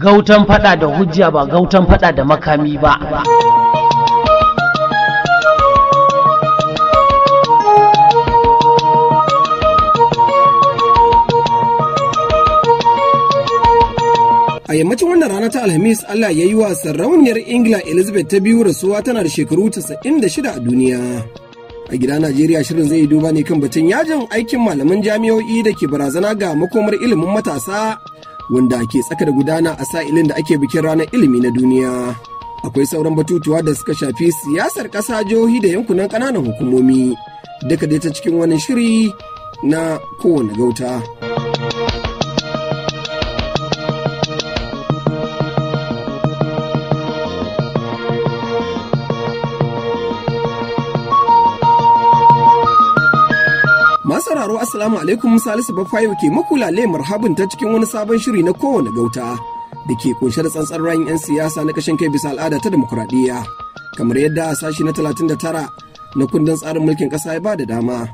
gautan fada da hujja ba gautan fada da makami ba a yammacin wannan rana ta alhamis allah ya yi wa sarauniyar ingila elizabeth ta biyu rasuwa tana da shekaru 96 a duniya a gida najeriya shirin zai yi duba ne kan batun yajin aikin malaman jami'o'i da ke barazana ga makomar ilimin matasa wanda ke tsaka da gudana a sa'ilin da ake bikin ranar ilimi na duniya. Akwai sauran batutuwa da suka shafi siyasar ƙasa jihohi da yankunan ƙananan hukumomi, duka dai ta cikin wani shiri na kowane gauta. sauraro Asalamu alaikum Salisu Bafayo ke makula lemar habin ta cikin wani sabon shiri na kowane gauta da ke kunshe da tsantsar rayin 'yan siyasa na kashin kai bisa al'ada ta demokuraɗiyya kamar yadda a sashi na talatin da tara, na kundin tsarin mulkin ƙasa ya ba da dama.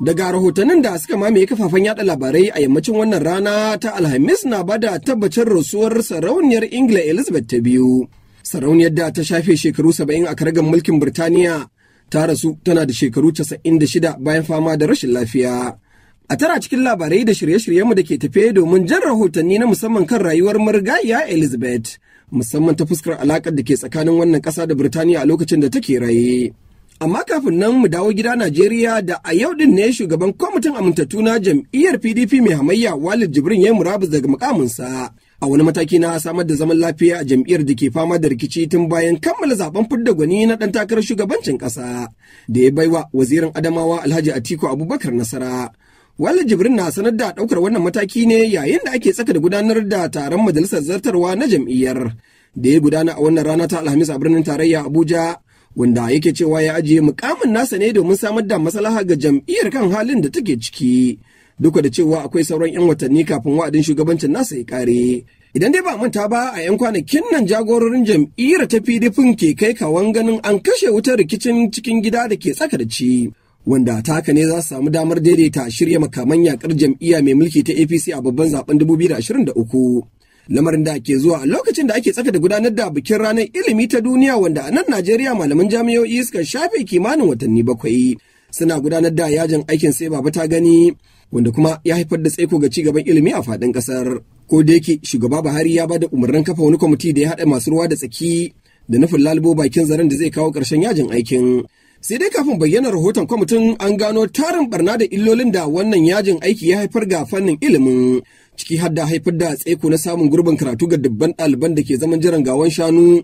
daga rahotannin da suka mamaye kafafen yada labarai a yammacin wannan rana ta alhamis na bada tabbacin rasuwar sarauniyar ingila elizabeth ta biyu sarauniyar da ta shafe shekaru saba'in a karagar mulkin birtaniya ta rasu tana da shekaru 96 bayan fama da rashin lafiya. A tara cikin labarai da shirye-shiryenmu da ke tafe domin jan rahotanni na musamman kan rayuwar marigayiya Elizabeth, musamman ta fuskar alakar da ke tsakanin wannan ƙasa da Birtaniya a lokacin da take raye. Amma kafin nan mu dawo gida Najeriya da a yau din ne shugaban kwamitin amintattu na jam'iyyar PDP mai hamayya Walid Jibrin ya murabus daga mukaminsa. a wani mataki na samar da zaman lafiya a jam'iyyar da ke fama da rikici tun bayan kammala zaben fidda gwani na dan takarar shugabancin ƙasa da ya baiwa wazirin adamawa alhaji atiku abubakar nasara wala jibrin na sanar da ɗaukar wannan mataki ne yayin da ake tsaka da gudanar da taron majalisar zartarwa na jam'iyyar da ya gudana a wannan rana ta alhamis a birnin tarayya abuja wanda yake cewa ya ajiye mukamin nasa ne domin samar da maslaha ga jam'iyyar kan halin da take ciki Duka da cewa akwai sauran 'yan watanni kafin wa'adin shugabancin nasa ya kare. Idan dai ba manta ba a 'yan kwanakin nan jagororin jam'iyyar ta PDP ke kai kawan ganin an kashe wutar rikicin cikin gida da ke tsaka da ci. Wanda ta haka ne za su samu damar daidaita shirya makaman yakar jam'iyya mai mulki ta APC a babban zaben 2023. lamarin da ke zuwa a lokacin da ake tsaka da gudanar da bikin ranar ilimi ta duniya wanda a nan Najeriya malaman jami'o'i suka shafe kimanin watanni bakwai suna gudanar da yajin aikin sai baba ta gani wanda kuma ya haifar da tsaiko ga cigaban ilimi a faɗin ƙasar. Ko da yake shugaba Buhari ya ba da umarnin kafa wani kwamiti da ya haɗa masu ruwa da tsaki da nufin lalubo bakin zaren da zai kawo ƙarshen yajin aikin. Sai dai kafin bayyana rahoton kwamitin an gano tarin barna da illolin da wannan yajin aiki ya haifar ga fannin ilimin. Ciki har da haifar da tsaiko na samun gurbin karatu ga dubban ɗaliban da ke zaman jiran gawan shanu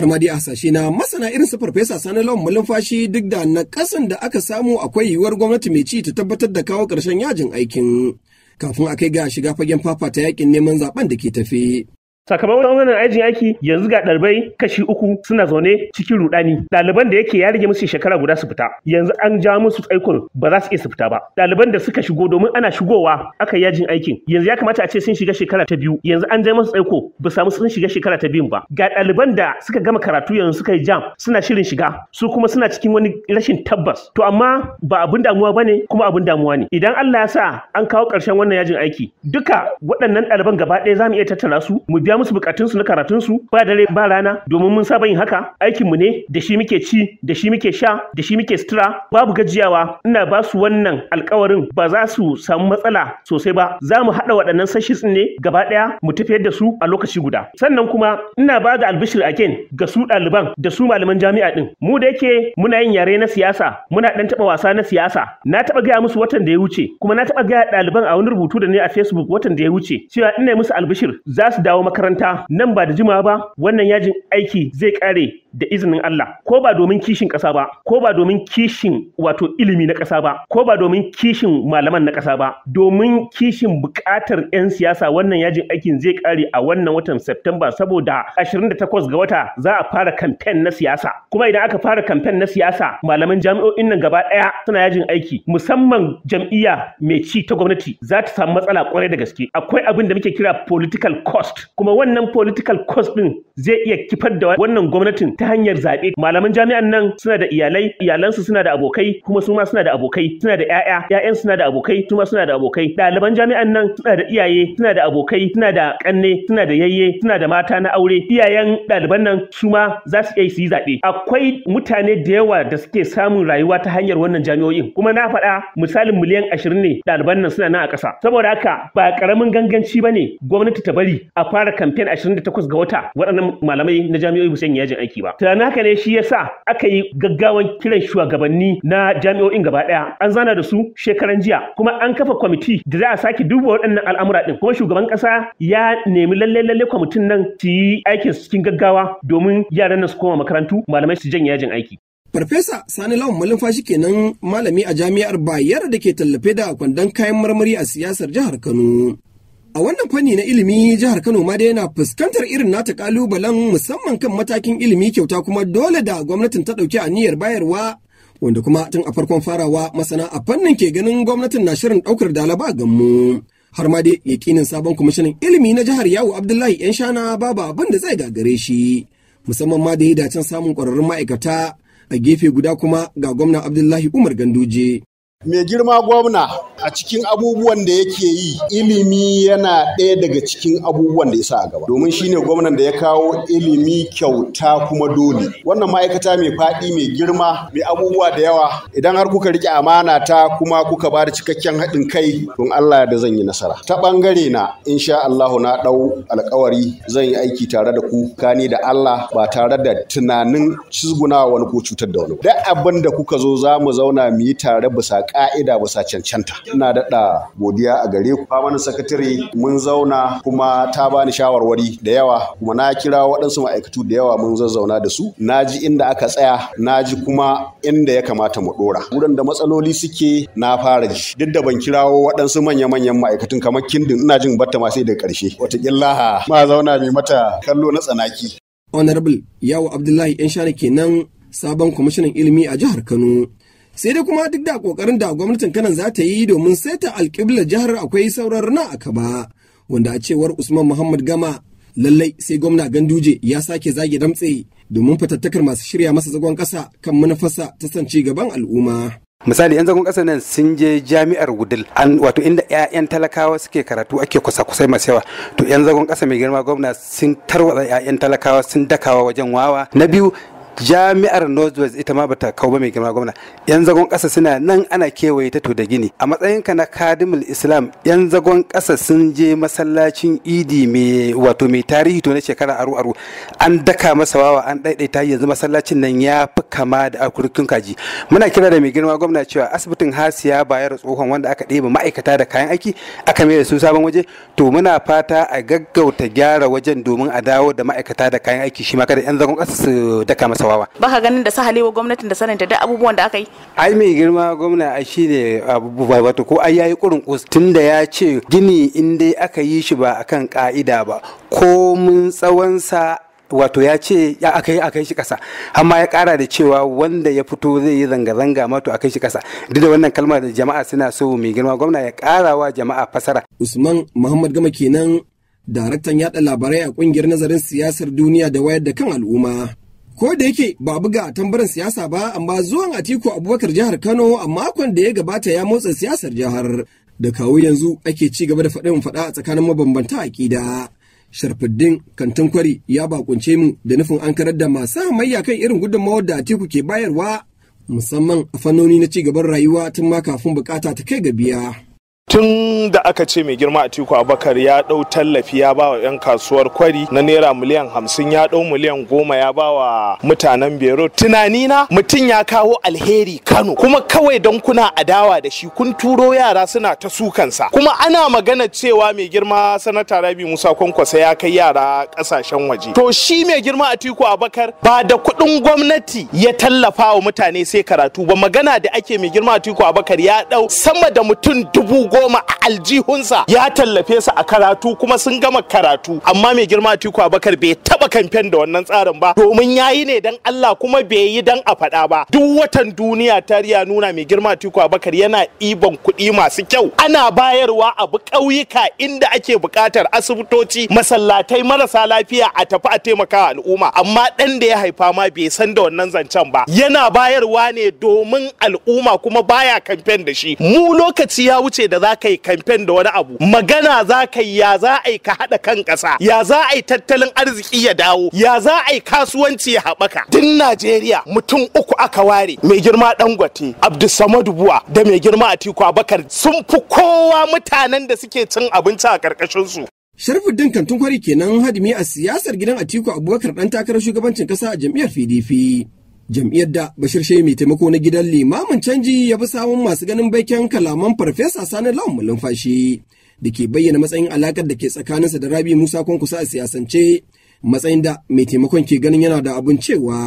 har ma dai a hasashe na masana irin su farfesa sani lawan malumfashi duk da na kasan da aka samu akwai yiwuwar gwamnati mai ci ta tabbatar da kawo ƙarshen yajin aikin kafin a kai ga shiga fagen fafata yakin neman zaben da ke tafi. sakamakon wannan ajin aiki yanzu ga ɗalibai kashi uku suna zaune cikin rudani Daliban da yake ya rage musu shekara guda su fita yanzu an ja musu tsaikon ba za su iya su fita ba Daliban da suka shigo domin ana shigowa aka yajin aikin yanzu ya kamata a ce sun shiga shekara ta biyu yanzu an ja musu tsaiko ba samu sun shiga shekara ta biyun ba ga ɗaliban da suka gama karatu yanzu suka yi jam suna shirin shiga su kuma suna cikin wani rashin tabbas to amma ba abin damuwa ba ne kuma abin damuwa ne idan Allah ya sa an kawo ƙarshen wannan yajin aiki duka waɗannan ɗaliban gaba ɗaya za mu iya tattara su mu biya biya musu bukatunsu na karatunsu ba dare ba rana domin mun saba yin haka aikinmu ne da shi muke ci da shi muke sha da shi muke sutura babu gajiyawa ina ba su wannan alkawarin ba za su samu matsala sosai ba za mu haɗa waɗannan sashis ne gaba ɗaya mu tafiyar da su a lokaci guda sannan kuma ina ba da albishir again ga su ɗaliban da su malaman jami'a ɗin mu da yake muna yin yare na siyasa muna ɗan taɓa wasa na siyasa na taɓa gaya musu watan da ya wuce kuma na taɓa gaya ɗaliban a wani rubutu da ne a facebook watan da ya wuce cewa ina musu albishir za su dawo makaranta makaranta nan ba da jimawa ba wannan yajin aiki zai kare da izinin Allah ko ba domin kishin ƙasa ba ko ba domin kishin wato ilimi na ƙasa ba ko ba domin kishin malaman na ƙasa ba domin kishin buƙatar 'yan siyasa wannan yajin aikin zai kare a wannan watan September saboda 28 ga wata za a fara kamfen na siyasa kuma idan aka fara kamfen na siyasa malaman jami'o'in nan gaba ɗaya suna yajin aiki musamman jam'iyya mai ci ta gwamnati za ta samu matsala kwarai da gaske akwai abin da muke kira political cost kuma kuma wannan political cost din zai iya kifar da wannan gwamnatin ta hanyar zaɓe malaman jami'an nan suna da iyalai iyalansu suna da abokai kuma su ma suna da abokai suna da ƴaƴa ƴaƴan suna da abokai su ma suna da abokai ɗaliban jami'an nan suna da iyaye suna da abokai suna da ƙanne suna da yayye suna da mata na aure iyayen ɗaliban nan su ma za su iya su yi zaɓe akwai mutane da yawa da suke samun rayuwa ta hanyar wannan jami'o'in kuma na faɗa misalin miliyan ashirin ne ɗaliban nan suna nan a ƙasa saboda haka ba ƙaramin ganganci ba ne gwamnati ta bari a fara kamfen 28 ga wata waɗannan malamai na jami'o'i ba yi yajin aiki ba tunanin haka ne shi ya sa aka yi gaggawan kiran shugabanni na jami'o'in gaba ɗaya an zana da su shekaran jiya kuma an kafa kwamiti da za a sake duba waɗannan al'amura ɗin, kuma shugaban ƙasa ya nemi lalle lalle kwamitin nan su yi aikin cikin gaggawa domin yaran nan su koma makarantu malamai su janye yajin aiki Farfesa Sani Lawan Malumfashi kenan malami a jami'ar Bayar da ke tallafe da kwandon kayan marmari a siyasar jihar Kano. A wannan fanni na ilimi jihar Kano ma da yana fuskantar irin nata kalubalen musamman kan matakin ilimi kyauta kuma dole da gwamnatin ta ɗauki aniyar bayarwa wanda kuma tun a farkon farawa masana a fannin ke ganin gwamnatin na shirin ɗaukar dalaba gammu. Har ma dai yakinin sabon kwamishinan ilimi na jihar yawo Abdullahi ‘yan shana babu abin da zai gagare shi. Musamman ma da ya dacen samun ƙwararrun ma'aikata a gefe guda kuma ga gwamna Abdullahi Umar Ganduje Mai girma gwamna a cikin abubuwan da yake yi ilimi yana ɗaya daga cikin abubuwan da ya sa a gaba. Domin shine gwamnan da ya kawo ilimi kyauta kuma dole. Wannan ma'aikata mai faɗi mai girma mai abubuwa da yawa idan har kuka riƙe amana ta kuma kuka ba da cikakken haɗin kai don Allah da zan yi nasara. Ta ɓangare na insha Allahu na ɗau alkawari zan yi aiki tare da ku kani da Allah ba tare da tunanin cizguna wani ko cutar da wani. Duk abin da kuka zo za mu zauna mu yi tare bisa ka'ida bisa cancanta ina daɗa godiya a gare ku famanin sakatare mun zauna kuma ta bani shawarwari da yawa kuma na kira waɗansu ma'aikatu da yawa mun zazzauna da su na ji inda aka tsaya na ji kuma inda ya kamata mu ɗora wurin da matsaloli suke na fara ji duk da ban kirawo waɗansu manya-manyan ma'aikatun kamar kindin ina jin batta ma sai da ƙarshe wataƙila ma zauna mai mata kallo na tsanaki honorable yawo abdullahi yan share kenan sabon kwamishinan ilimi a jihar kano sai dai kuma duk da kokarin da gwamnatin kanan za ta yi domin saita alƙiblar jihar akwai sauran na a kaba wanda a cewar usman muhammad gama lallai sai gwamna ganduje ya sake zage damtse domin fatattakar masu shirya masa zagon kasa kan manufarsa ta san ci gaban al'umma misali yan zagon ƙasa nan sun je jami'ar wudil an wato inda 'ya'yan talakawa suke karatu ake kusa-kusai masu yawa to yan zagon kasa mai girma gwamna sun tarwatsa 'ya'yan talakawa sun dakawa wajen wawa na biyu jami'ar northwest ita ma bata kau ba mai girma gwamna yan zagon ƙasa suna nan ana kewaye ta to da gini a matsayinka na kadimul islam yan zagon ƙasa sun je masallacin idi mai wato mai tarihi to na shekara aru aru an daka masa wawa an daidaita yanzu masallacin nan ya fi kama da akurkin kaji muna kira da mai girma gwamna cewa asibitin hasiya bayar tsohon wanda aka ɗebe ma'aikata da kayan aiki aka mai da su sabon waje to muna fata a gaggauta gyara wajen domin a dawo da ma'aikata da kayan aiki shi ma kada yan zagon ƙasa su daka masa sawawa baka ganin da sa halewa gwamnatin da sanin da abubuwan da aka yi ai mai girma gwamna a shine abubuwa wato ko ai yayi kurin kus tunda ya ce gini in dai aka yi shi ba akan ka'ida ba ko mun tsawon sa wato ya ce ya aka yi shi kasa amma ya kara da cewa wanda ya fito zai yi zanga-zanga mato aka shi kasa duk da wannan kalmar da jama'a suna so mai girma gwamna ya kara wa jama'a fasara usman muhammad gama kenan daraktan yaɗa labarai a ƙungiyar nazarin siyasar duniya da wayar da kan al'umma ko da yake ba buga tambarin siyasa ba amma zuwan atiku abubakar jihar kano a makon da ya gabata ya motsa siyasar jihar da kawo yanzu ake ci gaba da faɗin faɗa a tsakanin mabambanta aƙida sharfuddin kantin kwari ya bakunce mu da nufin an karar da masu hamayya kan irin gudunmawar da atiku ke bayarwa musamman a fannoni na ci gaban rayuwa tun ma kafin bukata ta kai ga biya. tun da aka ce mai girma atiku abakar ya dau tallafi ya bawa 'yan kasuwar kwari na naira miliyan hamsin ya dau miliyan goma ya bawa mutanen Beirut. tunanina mutum ya kawo alheri kano kuma kawai don kuna adawa da shi kun turo yara suna ta sukansa kuma ana magana cewa mai girma sanata rabi musa kwankwasa ya kai yara kasashen waje to shi mai girma atiku abakar ba da kuɗin gwamnati ya tallafa wa mutane sai karatu ba magana da ake mai girma atiku abakar ya dau sama da mutum dubu goma a aljihunsa ya tallafe su a karatu kuma sun gama karatu amma mai girma tiku Abakar bai taba kamfen da wannan tsarin ba domin yayi ne dan Allah kuma bai yi dan a faɗa ba duk watan duniya tariya nuna mai girma tiku Abakar yana ɗiban kuɗi masu kyau ana bayarwa a ƙauyuka inda ake buƙatar asibitoci masallatai marasa lafiya a tafi a taimaka al'umma amma ɗan da ya haifa ma bai san da wannan zancen ba yana bayarwa ne domin al'umma kuma baya kamfen da shi mu lokaci ya wuce da za ka yi kamfen da wani abu magana za ka yi ya za a yi ka haɗa kan ƙasa ya za a yi tattalin arziki ya dawo ya za a yi kasuwanci ya haɓaka duk najeriya mutum uku aka ware mai girma dangote abdulsamadu buwa da mai girma atiku abakar sun fi kowa mutanen da suke cin abinci a ƙarƙashin su Sharifuddin kwari kenan hadimi a siyasar gidan Atiku Abubakar dan takarar shugabancin kasa a jam'iyyar PDP. jam'iyyar da bashir shehu mai taimako na gidan limamin canji ya fi samun masu ganin baikin kalaman farfesa sani lawan mulumfashi da ke bayyana matsayin alakar da ke tsakaninsa da rabi musa kwankusa a siyasance matsayin da mai taimakon ke ganin yana da abin cewa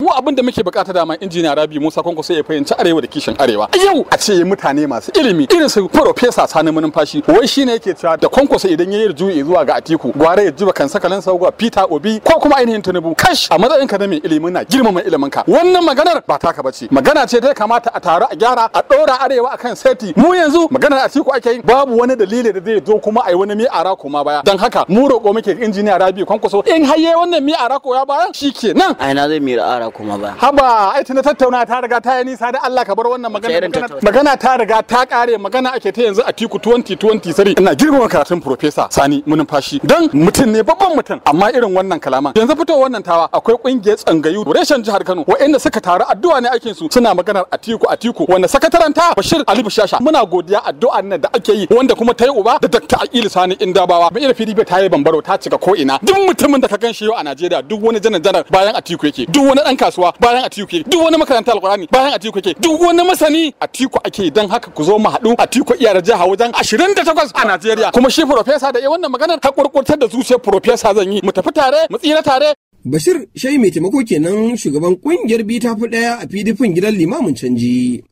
mu abin da muke bukata dama injiniya rabi musa kwanko sai ya fahimci arewa da kishin arewa yau a ce mutane masu ilimi irin su profesa sani numfashi wai ne yake cewa da idan sai idan yi juyi zuwa ga atiku gware ya juba kan sakalan sauwa peter obi ko kuma ainihin tinubu kash a matsayin ka na mai ilimi na girmama ilimin ka wannan maganar ba taka bace magana ce da kamata a taru a gyara a ɗora arewa akan seti mu yanzu maganar atiku ake yi babu wani dalili da zai zo kuma a yi wani mi arako ma baya dan haka mu roƙo muke injiniya rabi kwankwaso in har wannan mi arako ya baya shikenan ai na zai mi arako kuma ba haba ai tana tattauna ta riga ta yi nisa da Allah ka bar wannan magana magana ta riga ta kare magana ake ta yanzu a tiku 2020 sari ina girmama karatun professor Sani Munumfashi dan mutum ne babban mutum amma irin wannan kalaman yanzu fito wannan tawa akwai kungiyar tsangayu reshen jihar Kano wa'anda suka taru addu'a ne aikin su suna maganar a tiku wanda sakataren ta Bashir Ali Bashasha muna godiya addu'an nan da ake yi wanda kuma ta yi uba da Dr. Aqil Sani Indabawa mai da PDP ta yi bambaro ta cika ko ina duk mutumin da ka gan yau a Najeriya duk wani janar janar bayan tiku yake duk wani dan kasuwa bayan atiku ke duk wani makaranta alqur'ani bayan atiku ke duk wani masani atiku ake dan haka ku zo mu haɗu atiku iyar jiha wajen 28 a Najeriya kuma shi professor da yawannan wannan maganar ta kurkurtar da zuciyar professor zan yi mu tafi tare mu tsira tare Bashir shai mai taimako kenan shugaban kungiyar bi tafi daya a fidifin gidan limamin canji.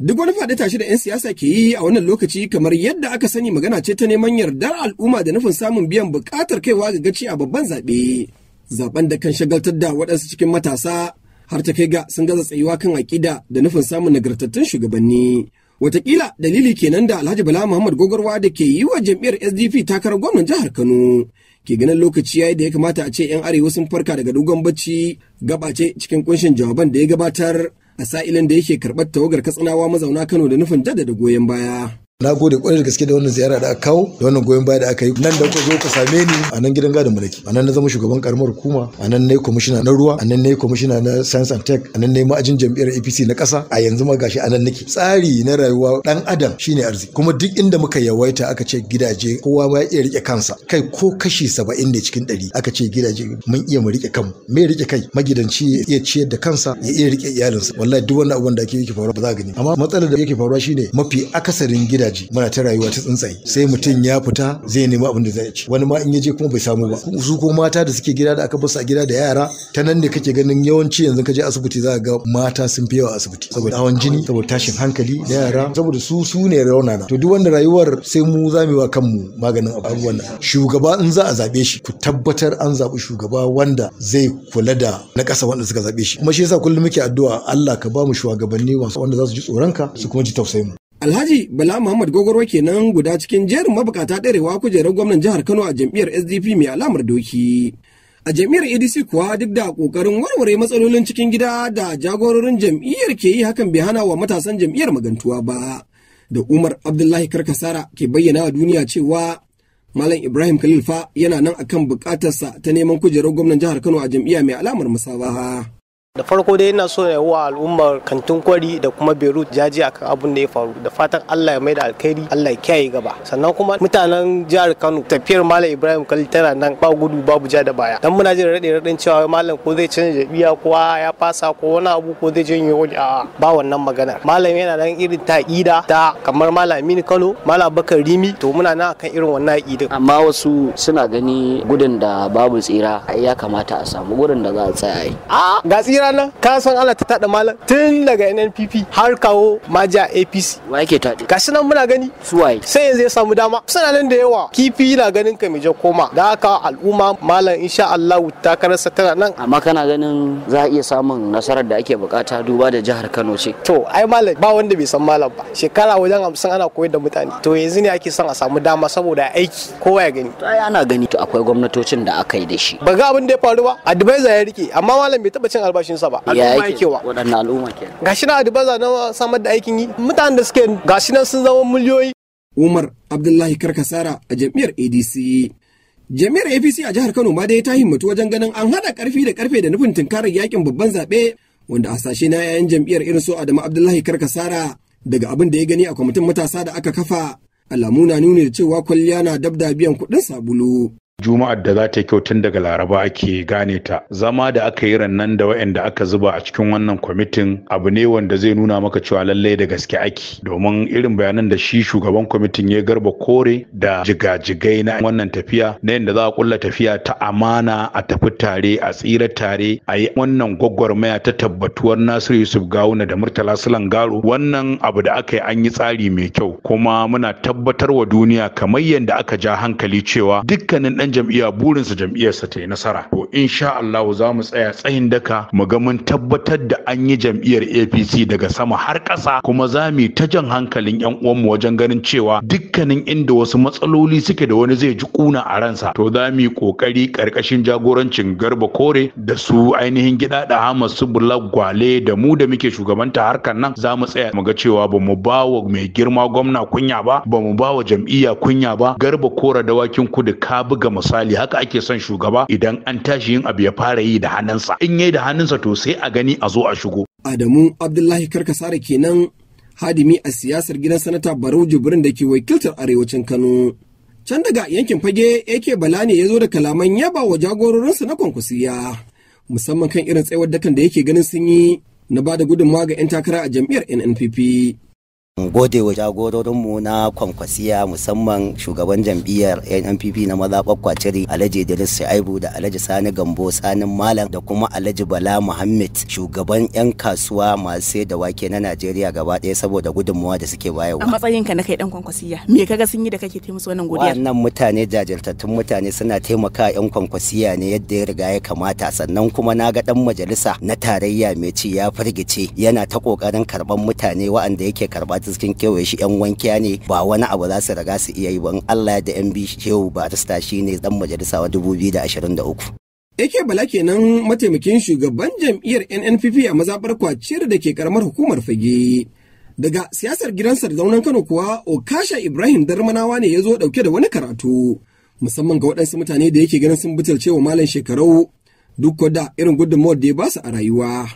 Duk wani faɗi tashi da 'yan siyasa ke yi a wannan lokaci kamar yadda aka sani magana ce ta neman yardar al'umma da nufin samun biyan buƙatar kaiwa ga gaci a babban zaɓe. zaben da kan shagaltar da waɗansu cikin matasa har ta kai ga sun gaza tsayuwa kan aƙida da nufin samun nagartattun shugabanni. Wataƙila dalili kenan da Alhaji Bala Muhammad Gogorwa da ke yi wa jam'iyyar SDP takarar gwamnan jihar Kano. Ke ganin lokaci yayi da ya kamata a ce 'yan arewa sun farka daga dogon bacci gabace cikin kunshin jawaban da ya gabatar a sa'ilin da yake karɓar tawagar katsinawa mazauna Kano da nufin jaddada goyon baya. na gode kwarai da gaske da wannan ziyara da aka kawo da wannan goyon baya da aka yi nan da kuka zo ka same ni a nan gidan gadon mulki a nan na zama shugaban karamar hukuma a nan yi kwamishina na ruwa a nan yi kwamishina na science and tech a nan yi ma'ajin jam'iyyar APC na ƙasa a yanzu ma gashi a nan nake tsari na rayuwa dan adam shine arziki kuma duk inda muka yawaita aka ce gidaje kowa ba ya iya rike kansa kai ko kashi saba'in ne cikin ɗari aka ce gidaje mun iya mu rike kanmu me rike kai magidanci ya iya ciyar da kansa ya iya rike iyalinsa wallahi duk wannan abin da ake ke faruwa ba za gani amma matsalar da yake faruwa shine mafi akasarin gidaje daji muna ta rayuwa ta tsuntsaye sai mutum ya fita zai nemi abin da zai ci wani ma in ya je kuma bai samu ba su ko mata da suke gida da aka basu a gida da yara ta nan ne kake ganin yawanci yanzu ka je asibiti za ga mata sun fi yawa asibiti saboda hawan jini saboda tashin hankali da yara saboda su su ne raunana to duk wanda rayuwar sai mu za mu yi wa kanmu maganin abubuwan nan shugaba in za a zaɓe shi ku tabbatar an zabi shugaba wanda zai kula da na ƙasa wanda suka zaɓe shi kuma shi yasa kullum muke addu'a Allah ka ba mu shugabanni wanda za su ji tsoronka su kuma ji tausayin mu Alhaji Bala Muhammad Gogorwa kenan guda cikin jerin mabukata ɗarewa kujerar gwamnan jihar Kano a jam'iyyar SDP mai alamar doki. A jam'iyyar ADC kuwa duk da ƙoƙarin warware matsalolin cikin gida da jagororin jam'iyyar ke yi hakan bai hana wa matasan jam'iyyar magantuwa ba. Da Umar Abdullahi Karkasara ke bayyana wa duniya cewa Malam Ibrahim Khalil fa yana nan akan bukatarsa ta neman kujerar gwamnan jihar Kano a jam'iyya mai alamar musabaha. da farko dai yana so wa al'ummar kantin kwari da kuma beirut jaji akan abun da ya faru da fatan allah ya mai da alkhairi allah ya kiyaye gaba sannan kuma mutanen jihar kano tafiyar malam ibrahim kalli tana nan ba gudu babu ja da baya dan muna jin raɗe raɗin cewa malam ko zai canza jabiya ko ya fasa ko wani abu ko zai janye wani a'a ba wannan maganar malam yana nan irin ta ida ta kamar malam aminu kano malam bakar rimi to muna nan akan irin wannan idin amma wasu suna gani gudun da babu tsira ya kamata a samu gudun da za a tsaya a rana ka san ana ta tada malam tun daga NNPP har kawo maja APC wa yake tada. gashi nan muna gani su waye sai yanzu ya samu dama suna nan da yawa kifi na ganin ka mijo koma da haka al'umma malam insha Allah karasa tana nan amma kana ganin za a iya samun nasarar da ake bukata duba da jihar Kano ce to ai malam ba wanda bai san malam ba shekara wajen 50 ana koyar da mutane to yanzu ne ake son a samu dama saboda aiki kowa ya gani to ai ana gani to akwai gwamnatocin da aka yi da shi ba ga abin da ya faru ba advisor ya rike amma malam bai taba cin albashi sa ba al'umma yake wa waɗannan al'umma ke gashi na adibaza na samar da aikin yi mutanen da suke gashi nan sun zama miliyoyi Umar Abdullahi Karkasara a jam'iyyar ADC Jami'ar APC a jihar Kano ma dai ta himmatu wajen ganin an haɗa karfi da karfe da nufin tunkarar yakin babban zaɓe wanda a sashe na yayan jam'iyyar irin su Adamu Abdullahi Karkasara daga abin da ya gani a kwamitin matasa da aka kafa alamu na nuni da cewa kwalliya na dabda biyan kuɗin sabulu. juma'ar da za ta yi kyau tun daga laraba ake gane ta zama da aka yi rannan da wa'anda aka zuba a cikin wannan kwamitin abu ne wanda zai nuna maka cewa lallai da gaske ake domin irin bayanan da shi shugaban kwamitin ya garba kore da jigajigai na wannan tafiya na yadda za a kulla tafiya ta amana a tafi tare a tsira tare a yi wannan gwagwarmaya ta tabbatuwar nasiru yusuf gawuna da murtala sulan garo wannan abu da aka yi an yi tsari mai kyau kuma muna tabbatar wa duniya kamar yadda aka ja hankali cewa dukkanin ɗan ɗan jam'iyya burinsa jam'iyyarsa ta yi nasara to sha Allah za mu tsaya tsayin daka mu ga mun tabbatar da an yi jam'iyyar APC daga sama har ƙasa kuma za mu ta jan hankalin yan uwanmu wajen ganin cewa dukkanin inda wasu matsaloli suke da wani zai ji kuna a ransa to za mu yi ƙoƙari ƙarƙashin jagorancin Garba Kore da su ainihin gida da ahmad su Gwale da mu da muke shugabanta harkar nan za mu tsaya mu ga cewa ba mu ba wa mai girma gwamna kunya ba ba mu ba wa jam'iyya kunya ba Garba Kore dawakin kudu ka buga misali haka ake son shugaba idan an tashi yin abu ya fara yi da hannunsa in yayi da hannunsa to sai a gani a zo a shigo Adamu Abdullahi Karkasare kenan hadimi a siyasar gidan sanata Barau Jibrin da ke wakiltar arewacin Kano can daga yankin fage yake bala ne ya zo da kalaman yaba wa jagororinsa na kwankwasiya musamman kan irin tsayawar dakan da yake ganin sun yi na ba da gudunmawa ga 'yan takara a jam'iyyar nnpp gode wa jagororinmu na kwankwasiya musamman shugaban jam'iyyar NNPP na maza kwakwaciri Alhaji Idris Shaibu da Alhaji Sani Gambo Sanin Malam da kuma Alhaji Bala Muhammad shugaban 'yan kasuwa masu sai da wake na Najeriya gaba ɗaya saboda gudunmuwa da suke bayarwa. A matsayin ka na kai dan kwankwasiya me kaga sun yi da kake taimaka wannan godiya? Wannan mutane jajirtattun mutane suna taimaka 'yan kwankwasiya ne yadda ya riga ya kamata sannan kuma na ga dan majalisa na tarayya mai ci ya firgice yana ta kokarin karban mutane waɗanda yake karba kin kewaye shi yan wankiya ne ba wani abu za su raga su iya yi ba in Allah da yan bi shehu ba ta shi ne dan majalisa wa 2023 yake Bala kenan mataimakin shugaban jam'iyyar NNPP a mazabar kwaciyar da ke karamar hukumar fage. Daga siyasar gidan sardaunan Kano kuwa Okasha Ibrahim Darmanawa ne ya zo dauke da wani karatu. Musamman ga waɗansu mutane da yake ganin sun bitar cewa malam shekarau duk da irin gudunmawar da ya basu a rayuwa.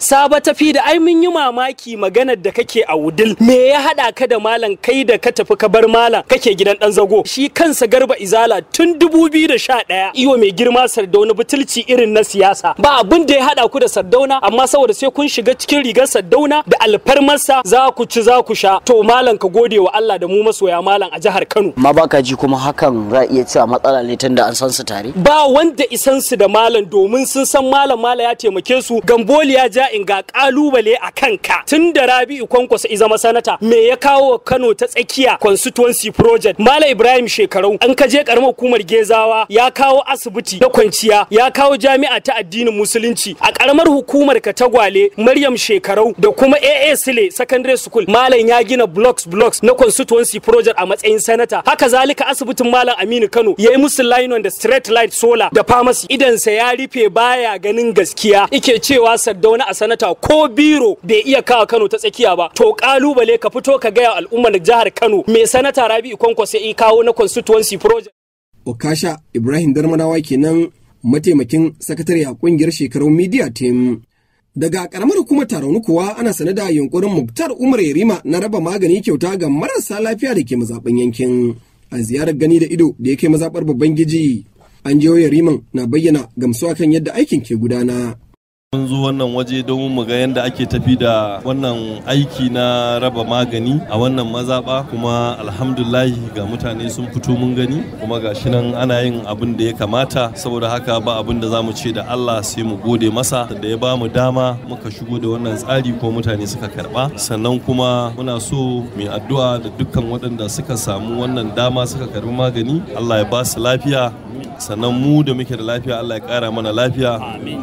Saba tafi da ai mun yi mamaki maganar da kake a wudil me ya haɗa ka da malam kai da ka tafi ka bar malam kake gidan ɗan zago shi kansa garba izala tun 2011 iyo mai girma sardauna butulci irin na siyasa ba abin da ya haɗa ku da sardauna amma saboda sai kun shiga cikin rigar sardauna da alfarmarsa za ku ci za ku sha to malam ka gode wa Allah da mu masoya malam a jihar Kano ma baka ji kuma hakan za iya cewa matsala ne tunda an san su tare ba wanda isan su da malam domin sun san malam mala ya taimake su gamboliya ja in ga kalubale a kanka tun da rabi'u kwankwasa izama sanata me ya kawo kano ta tsakiya constituency project mala ibrahim shekarau an ka je karamar hukumar gezawa ya kawo asibiti na kwanciya ya kawo jami'a ta addinin musulunci a karamar hukumar katagwale maryam shekarau da kuma aa sile secondary school malam ya gina blocks blocks na constituency project a matsayin sanata haka zalika asibitin malam aminu kano ya yi musu linon da straight light solar da pharmacy idansa ya rufe baya ganin gaskiya ike cewa sardauna a sanata ko biro bai iya kawo Kano ta tsakiya ba to kalubale ka fito ka gaya al'ummar jihar Kano me sanata Rabi'u Kwankwa sai i kawo na constituency project Okasha Ibrahim Darmadawa kenan mataimakin sakatare a kungiyar shekarun media team daga karamar hukumar taron kuwa ana sane da yunkurin muktar umar yarima na raba magani kyauta ga marasa lafiya da ke mazaɓin yankin a ziyarar gani da ido da ya kai mazaɓar babban giji an jiyo yariman na bayyana gamsuwa kan yadda aikin ke gudana mun zo wannan waje don mu ga yadda ake tafi da wannan aiki na raba magani a wannan mazaba kuma alhamdulahi ga mutane sun fito mun gani kuma ga shi nan ana yin abin da ya kamata saboda haka ba abin da za mu ce da Allah sai mu gode masa da ya ba mu dama muka shigo da wannan tsari ko mutane suka karba sannan kuma muna so mai addu'a da dukkan waɗanda suka samu wannan dama suka karbi magani Allah ya ba su lafiya sannan mu da muke da lafiya Allah ya ƙara mana lafiya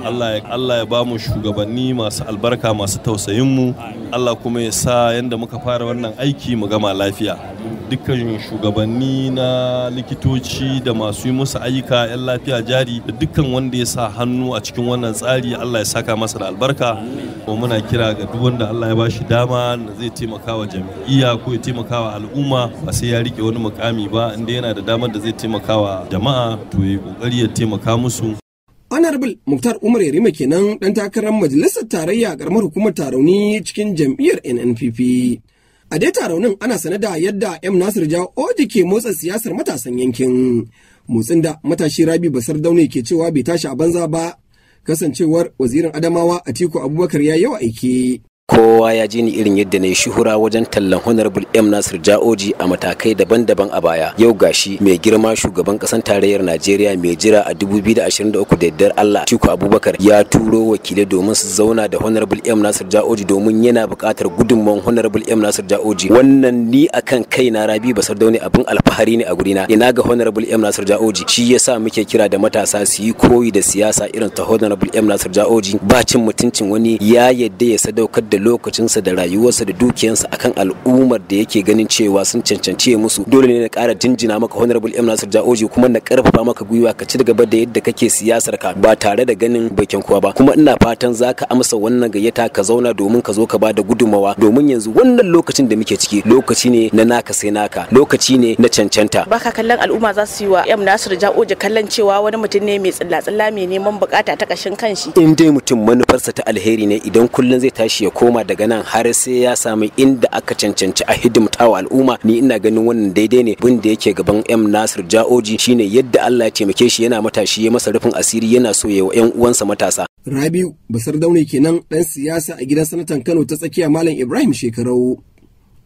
Allah ya ba mu shugabanni masu albarka masu tausayinmu Allah kuma ya sa yadda muka fara wannan aiki mu gama lafiya dukkan shugabanni na likitoci da masu yi musu ayyuka 'yan lafiya jari da dukkan wanda ya sa hannu a cikin wannan tsari Allah ya saka masa da albarka kuma muna kira ga duk wanda Allah ya bashi dama da zai taimaka wa jam'iyya ko ya taimaka wa al'umma ba sai ya rike wani mukami ba inda yana da damar da zai taimaka wa jama'a to ya kokari ya taimaka musu honorable muktar umar yarima kenan ɗan takarar majalisar tarayya ƙaramar hukumar tarauni cikin jam'iyyar nnpp a dai taraunin ana sane da yadda m nasir jawo oji ke motsa siyasar matasan yankin motsin da matashi rabi basar daune ke cewa bai tashi a banza ba kasancewar wazirin adamawa atiku abubakar ya yi yawa aiki kowa ya ji ni irin yadda na yi shuhura wajen tallan honorable m nasir ja'oji a matakai daban-daban a baya yau gashi mai girma shugaban kasan tarayyar najeriya mai jira a 2023 da yardar allah tiku abubakar ya turo wakilai domin su zauna da honorable m nasir ja'oji domin yana bukatar gudunmawar honorable m nasir ja'oji wannan ni akan kai na rabi basar daune abin alfahari ne a gurina ina ga honorable m nasir ja'oji shi yasa muke kira da matasa su yi koyi da siyasa irin ta honorable m nasir ja'oji ba cin mutuncin wani ya yadda ya sadaukar da da lokacinsa da rayuwarsa da dukiyansa akan al'ummar da yake ganin cewa sun cancanci musu dole ne na kara jinjina maka honorable M Nasir Jaoji kuma na karfafa maka gwiwa ka ci gaba da yadda kake siyasar ka ba tare da ganin bakin kowa ba kuma ina fatan za ka amsa wannan gayyata ka zauna domin ka zo ka ba da gudummawa domin yanzu wannan lokacin da muke ciki lokaci ne na naka sai naka lokaci ne na cancanta baka kallon al'umma za su yi wa M Nasir Jaoji kallon cewa wani mutum ne mai tsilla tsilla mai neman bukata ta kashin kanshi in dai mutum manufarsa ta alheri ne idan kullum zai tashi ya ko koma daga nan har sai ya samu inda aka cancanci a hidimta wa al'umma ni ina ganin wannan daidai ne bin da yake gaban M Nasir Ja'oji shine yadda Allah ya taimake shi yana matashi ya masa rufin asiri yana so ya wa 'yan uwansa matasa. Rabiu Basar Daune kenan ɗan siyasa a gidan sanatan Kano ta tsakiya Malam Ibrahim Shekarau.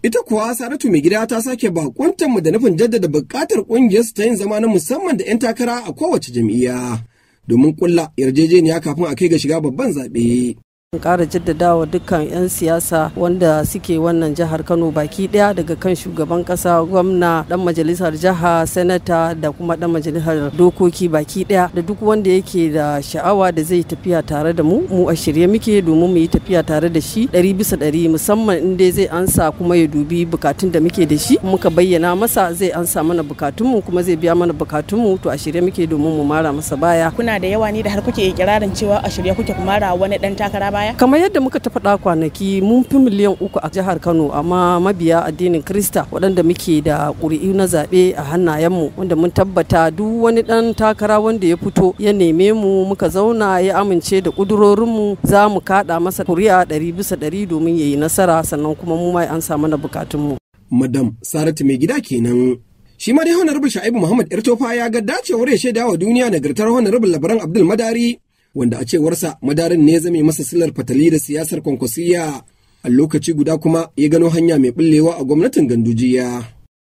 Ita kuwa Saratu mai gida ta sake bakwantar mu da nufin jaddada buƙatar ƙungiyar su ta yin zama na musamman da 'yan takara a kowace jam'iyya domin kulla yarjejeniya kafin a kai ga shiga babban zaɓe. an kara jaddadawa dukkan 'yan siyasa wanda suke wannan jihar kano baki daya daga kan shugaban kasa gwamna dan majalisar jiha senata da kuma dan majalisar dokoki baki daya da duk wanda yake da sha'awa da zai tafiya tare da mu mu a shirye muke domin mu yi tafiya tare da shi ɗari bisa ɗari musamman in dai zai ansa kuma ya dubi bukatun da muke da shi muka bayyana masa zai ansa mana bukatunmu kuma zai biya mana bukatunmu to a shirye muke domin mu mara masa baya kuna da yawa ne da har kuke kirarin cewa a shirye kuke kuma mara wani dan takara baya? Kamar yadda muka ta faɗa kwanaki mun fi miliyan uku a jihar Kano amma mabiya addinin Krista waɗanda muke da ƙuri'u na zaɓe a hannayenmu wanda mun tabbata duk wani ɗan takara wanda ya fito ya neme mu muka zauna ya amince da ƙudurorinmu za mu kaɗa masa ƙuri'a ɗari bisa ɗari domin ya yi nasara sannan kuma mu ma an samu na bukatunmu. Madam Saratu mai gida kenan shi ma dai honorable sha'ibu muhammad irtofa ya ga dacewar ya duniya wa duniya nagartar honorable labaran abdul madari wanda a cewarsa madarin ne zame masa silar fatali da siyasar kwankwasiya a lokaci guda kuma ya gano hanya mai bullewa a gwamnatin gandujiya.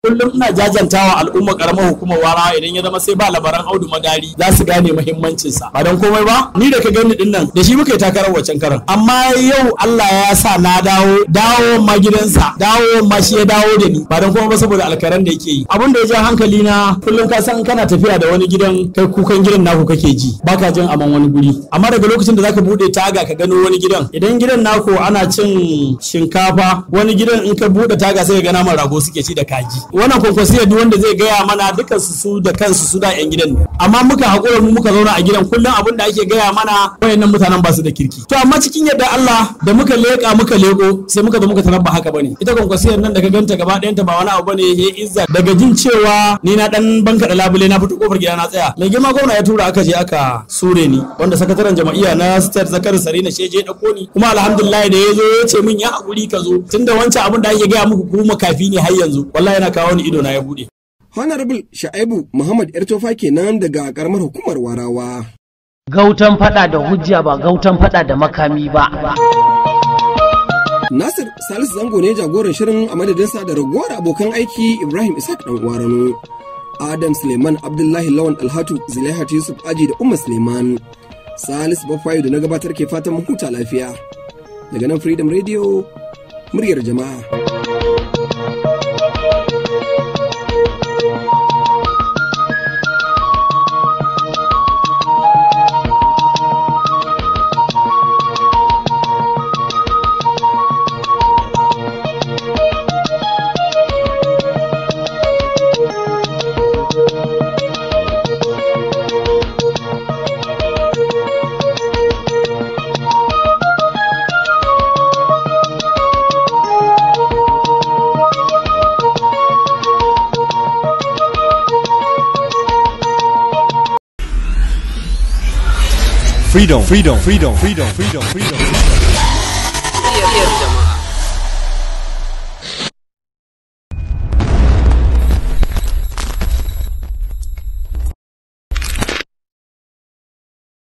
kullum ina jajantawa al'umma karamar hukumar wara idan ya zama sai ba labaran audu magari za su gane muhimmancin sa ba dan komai ba ni da ka gani din nan da shi muka yi takarar wancan karan amma yau Allah ya sa na dawo dawo ma gidansa dawo ma shi ya dawo da ni ba dan komai ba saboda alkaran da yake yi abin da ya ja hankali na kullum ka san kana tafiya da wani gidan kai kukan gidan naku kake ji baka jin aman wani guri amma daga lokacin da zaka bude taga ka gano wani gidan idan gidan naku ana cin shinkafa wani gidan in ka bude taga sai ka ga naman rago suke ci da kaji wannan kwankwasiya duk wanda zai gaya mana dukan su su da kansu su da yan gidan ne amma muka hakura mu muka zauna a gidan kullum abin da ake gaya mana wayannan mutanen ba su da kirki to amma cikin yadda Allah da muka leƙa muka leƙo sai muka zo muka tarar ba haka bane ita kwankwasiyar nan da ka ganta gaba ta ba wani abu bane he izza daga jin cewa ni na dan banka da labule na fito kofar gida na tsaya mai girma gwamna ya tura aka je aka sure ni wanda sakataren jam'iyya na sitar zakar sarina sheje da ni kuma alhamdulillah da ya zo ya ce min ya hakuri ka zo tunda wancan abin da ake gaya muku kuma kafi ne har yanzu wallahi na kawo ni ido na ya buɗe. Honorable Sha'ibu Muhammad Ertofa kenan daga karamar hukumar Warawa. Gautan fada da hujja ba gautan fada da makami ba. Nasir Salisu Zango ne jagoran shirin a madadinsa da ragowar abokan aiki Ibrahim Isaac ɗan Warano. Adam Suleiman Abdullahi Lawan Alhatu Zulaihat Yusuf Aji da Umma Suleiman. Salisu Bafayu da na gabatar ke fatan huta lafiya. Daga nan Freedom Radio, muryar jama'a. freedom, freedom, freedom, freedom, freedom, freedom.